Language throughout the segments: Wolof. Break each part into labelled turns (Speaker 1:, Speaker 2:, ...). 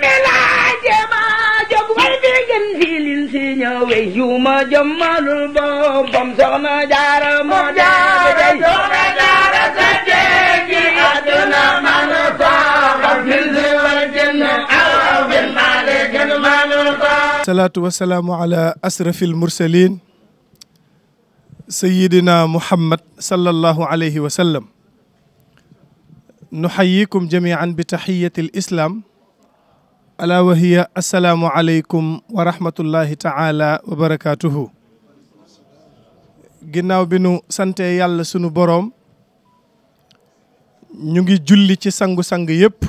Speaker 1: mi laa jéema jóg way fi gën filin si ñëwee yu ma jëmmalul boppam soxna jaara moo jaara soxna jaara sa jéggi àdduna man faaxal min si war jënn aw bin maale gën man faaxal salaatu wasalaamu ala asrafil mursalin sayidina muhammad sallallahu alayhi wa sallam nuxayikum jamian bi taxiyati al islam alaa wa hiya assalaamu aleykum wa rahmatullahi taala ginnaaw bi nu sante yàlla sunu boroom ñu ngi julli ci sangu sangu yépp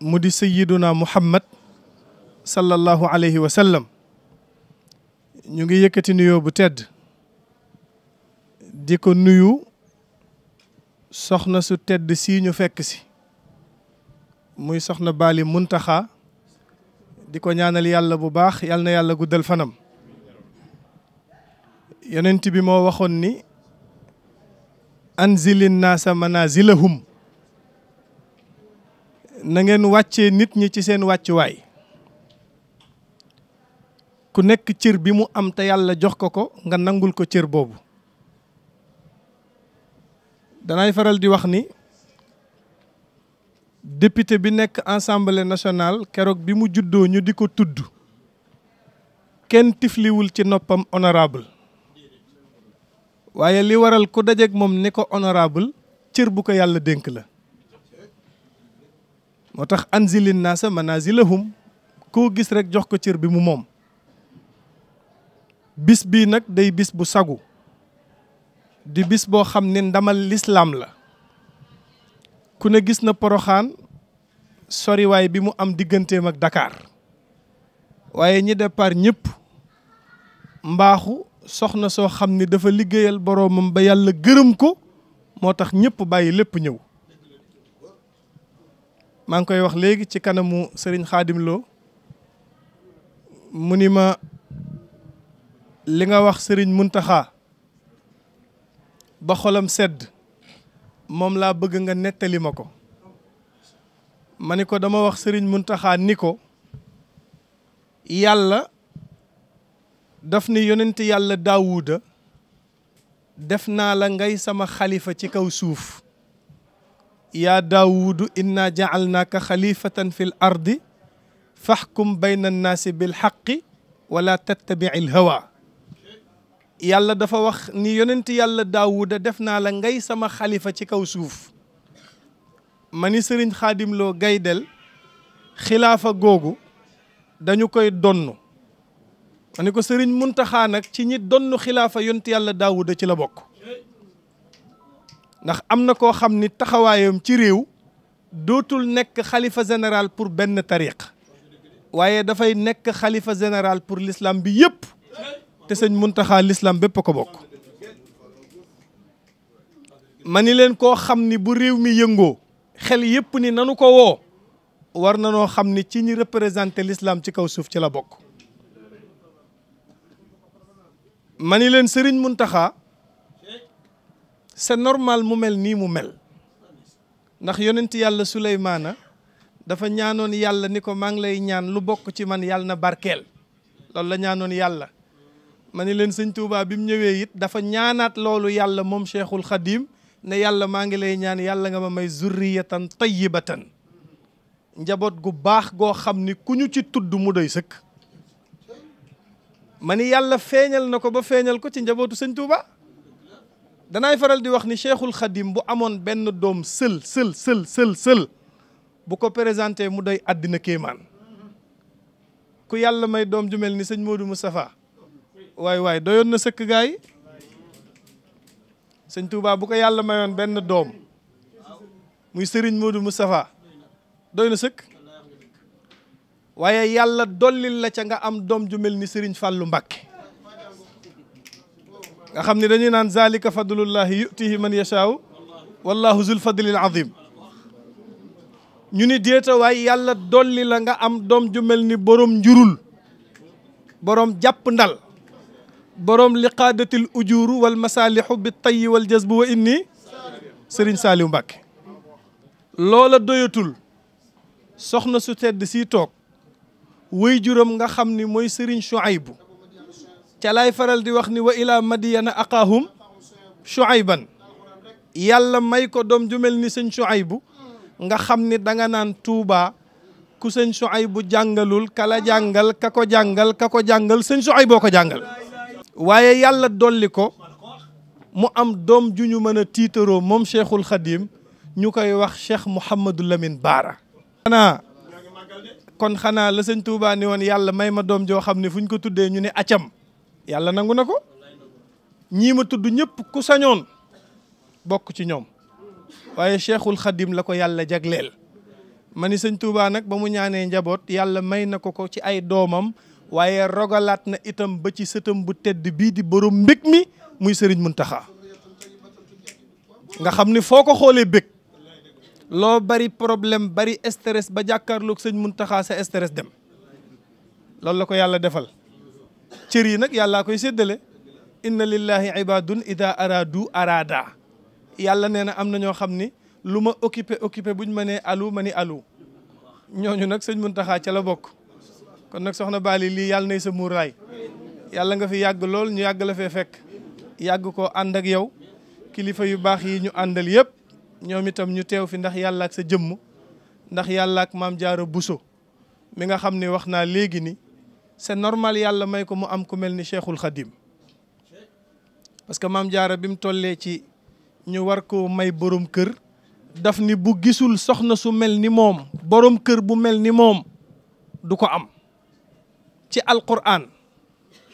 Speaker 1: mu di sayyiduna muhammad sallallahu alayhi wa ñu ngi yëkkati nuyoo bu tedd di ko nuyu soxna su tedd sii fekk si muy soxna Baali Muntaxa di ko ñaanal yàlla bu baax yàlla na yàlla guddal fanam yonent bi moo waxoon ni anzilin naasa manazilahum na ngeen wàcce nit ñi ci seen wàccuwaay ku nekk cër bi mu am te yàlla jox ko ko nga nangul ko cër boobu danay faral di wax ni député bi nekk assemblée national keroog bi mu juddoo ñu di ko tudd kenn tifliwul ci noppam honorable waaye li waral ku dajeeg moom ni ko honorable cër bu ko yàlla dénk la moo tax anzilin naasa manazilahum koo gis rek jox ko cër bi mu moom bis bii nag day bis bu sagu di bis boo xam ne ndamal lislaam la ku ne gis na poroxaan soriwaay bi mu am digganteem ak dakaar waaye ñi départ ñëpp mbaaxu soxna soo xam ni dafa liggéeyal boroomam ba yàlla gërëm ko moo tax ñëpp bàyyi lépp ñëw maa ngi koy wax léegi ci kanamu sëriñ Xaadim mu ni ma li nga wax sëriñ Muntaxa ba xolam sedd moom laa bëgg nga nettali ma ko ma ni ko dama wax sëriñ Muntaxa ni ko yàlla daf ni yonent yàlla daawuda def naa la ngay sama xalifa ci kaw suuf yaa daawudu inna ja'alnaaka xalifatan fil ardi faxkum bayna annaasi bil xaqi wala tattabi'il hawa yàlla dafa wax ni yonent yàlla daawuda def naa la ngay sama xalifa ci kaw suuf ma ni sëriñ xaadimloo gaydel xilaafa googu dañu koy donn ma ni ko sëriñ muntaxaa nag ci ñi donn xilaafa yonent yàlla daawuda ci la bokk ndax am na koo xam ni taxawaayam ci réew dootul nekk xalifa général pour benn tariq waaye dafay nekk xalifa général pour lislaam bi yépp te sëñ Muntaxa l'islam bépp ko bokk ma ni leen koo xam ni bu réew mi yëngoo xel yépp ni nanu ko woo war na noo xam ni ci ñi représenté lislaam ci kaw suuf ci la bokk ma ni leen sëriñ Muntaxa c'est normal mu mel nii mu mel ndax yonent yàlla Suleymaana dafa ñaanoon yàlla ni ko maa ngi lay ñaan lu bokk ci man yàlla na barkeel loolu la ñaanoon yàlla ma ne leen sëñ Touba bi mu ñëwee it dafa ñaanaat loolu yàlla moom Cheikhul Khadim ne yàlla maa ngi lay ñaan yàlla nga ma may tan zurriyatan tayyibatan njaboot gu baax goo xam ni ku ñu ci tudd mu doy sëkk ma ni yàlla feeñal na ko ba feeñal ko ci njabootu sëñ Touba danaay faral di wax ni Cheikhul xadiim bu amoon benn doom sël sël sël sël sël bu ko présenté mu doy àddina kéemaan ku yàlla may doom ju mel ni sëñ Modou Moustapha waay waay doyoon na sëkk gaay yi sëñ bu ko yàlla mayoon benn doom muy Serigne Modou Moustapha doy na sëkk waaye yàlla dollil la ca nga am doom ju mel ni sëriñ Fallou Mbacké nga xam ne dañuy naan zalika fadlullahi yutihi man yashaaw wallahu zul fadlil azim ñu ni déeta waaye yàlla dolli la nga am doom ju mel ni borom njurul borom jàpp ndal boroom liqaadatil ujuuru wal masaalihu bi tayyi wal jazbu wa inni sëriñ Saaliw Mbàkke loola doyatul soxna su tedd si toog way juram nga xam ni mooy sëriñ Shuaybu ca laay faral di wax ni wa ilaa madiyana aqaahum Shuayban yàlla may ko doom ju mel ni sëñ aybu nga xam ni danga naan tuuba ku sëñ Shuaybu jàngalul kala jàngal ka ko jàngal ka ko jàngal sëñ Shuaybu boo ko jàngal waaye yàlla dolli ko mu am doom ju ñu mën a tiitaroo moom cheikhul xadim ñu koy wax cheikh Mouhamadou Lamine Baara. kon xanaa la sëñ Touba ni woon yàlla may ma doom joo xam ne fu ñu ko tuddee ñu ne acam yàlla nangu na ko ñii ma tudd ñëpp ku sañoon bokk ci ñoom waaye cheikhul xadim la ko yàlla jagleel ma ni sëñ Touba nag ba mu ñaanee njaboot yàlla may na ko ko ci ay doomam. waaye rogalaat na itam ba ci sëtam bu tedd bii di borom mbég mi muy sëriñ Muntaxa nga xam ni foo ko xoolee bég loo bari problème bari stress ba jàkkaarloog sëñ Muntaxa sa stress dem loolu la ko yàlla defal cër yi nag yàllaa koy séddale inna lillahi ibadun ida aradu arada yàlla nee na am na ñoo xam ni lu ma occupé occupé buñ ma nee alu ma ni alu ñooñu nag sëñ Muntaxa ca la bokk kon nag soxna Bali lii yàlla nay sa muuraay yàlla nga fi yàgg lool ñu yàgg la fee fekk yàgg ko ànd ak yow kilifa yu baax yi ñu àndal yëpp ñoom itam ñu teew fi ndax yàlla sa jëmm ndax yàlla ak maam jaara buso mi nga xam ne wax naa léegi ni c'est normal yàlla may ko mu am ku mel ni cheikhul xadim parce que maam jaara bi mu tollee ci ñu war ko may boroom kër daf ni bu gisul soxna su mel ni moom boroom kër bu mel ni moom du ko am ci alquran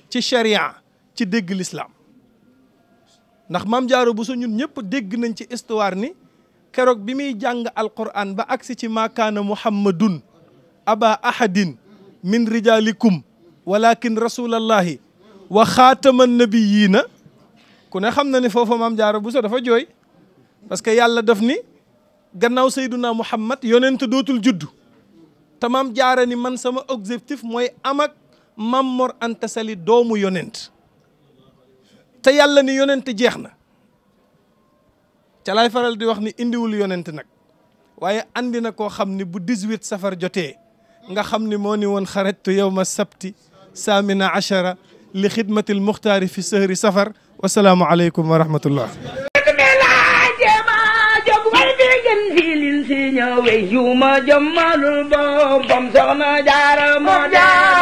Speaker 1: ci sharia ci dégg lislaam ndax maam jaaro bu su ñun ñëpp dégg nañ ci histoire ni keroog bi muy jàng alquran ba aksi ci maakaana muhammadun aba ahadin min rijalikum walakin rasulallahi wa xaatama nabiyiina ku ne xam na ne foofa maam jaaro bu sa dafa jooy parce que yàlla daf ni gannaaw sayduna muhammad yonent dootul juddu te maam jaara ni man sama objectif mooy am Maam Mor Anta Sali doomu yonent te yàlla ni yonent jeex na ca lay faral di wax ni indiwul yonent nag waaye andi na koo xam ni bu 18 safar jotee nga xam ni moo ni woon xarajtu yowma sabti saamina achara li xidmatil muxtaari fi sëhri safar wasalaamu aleykum wa rahmatullah ma jëmmalul boppam soxna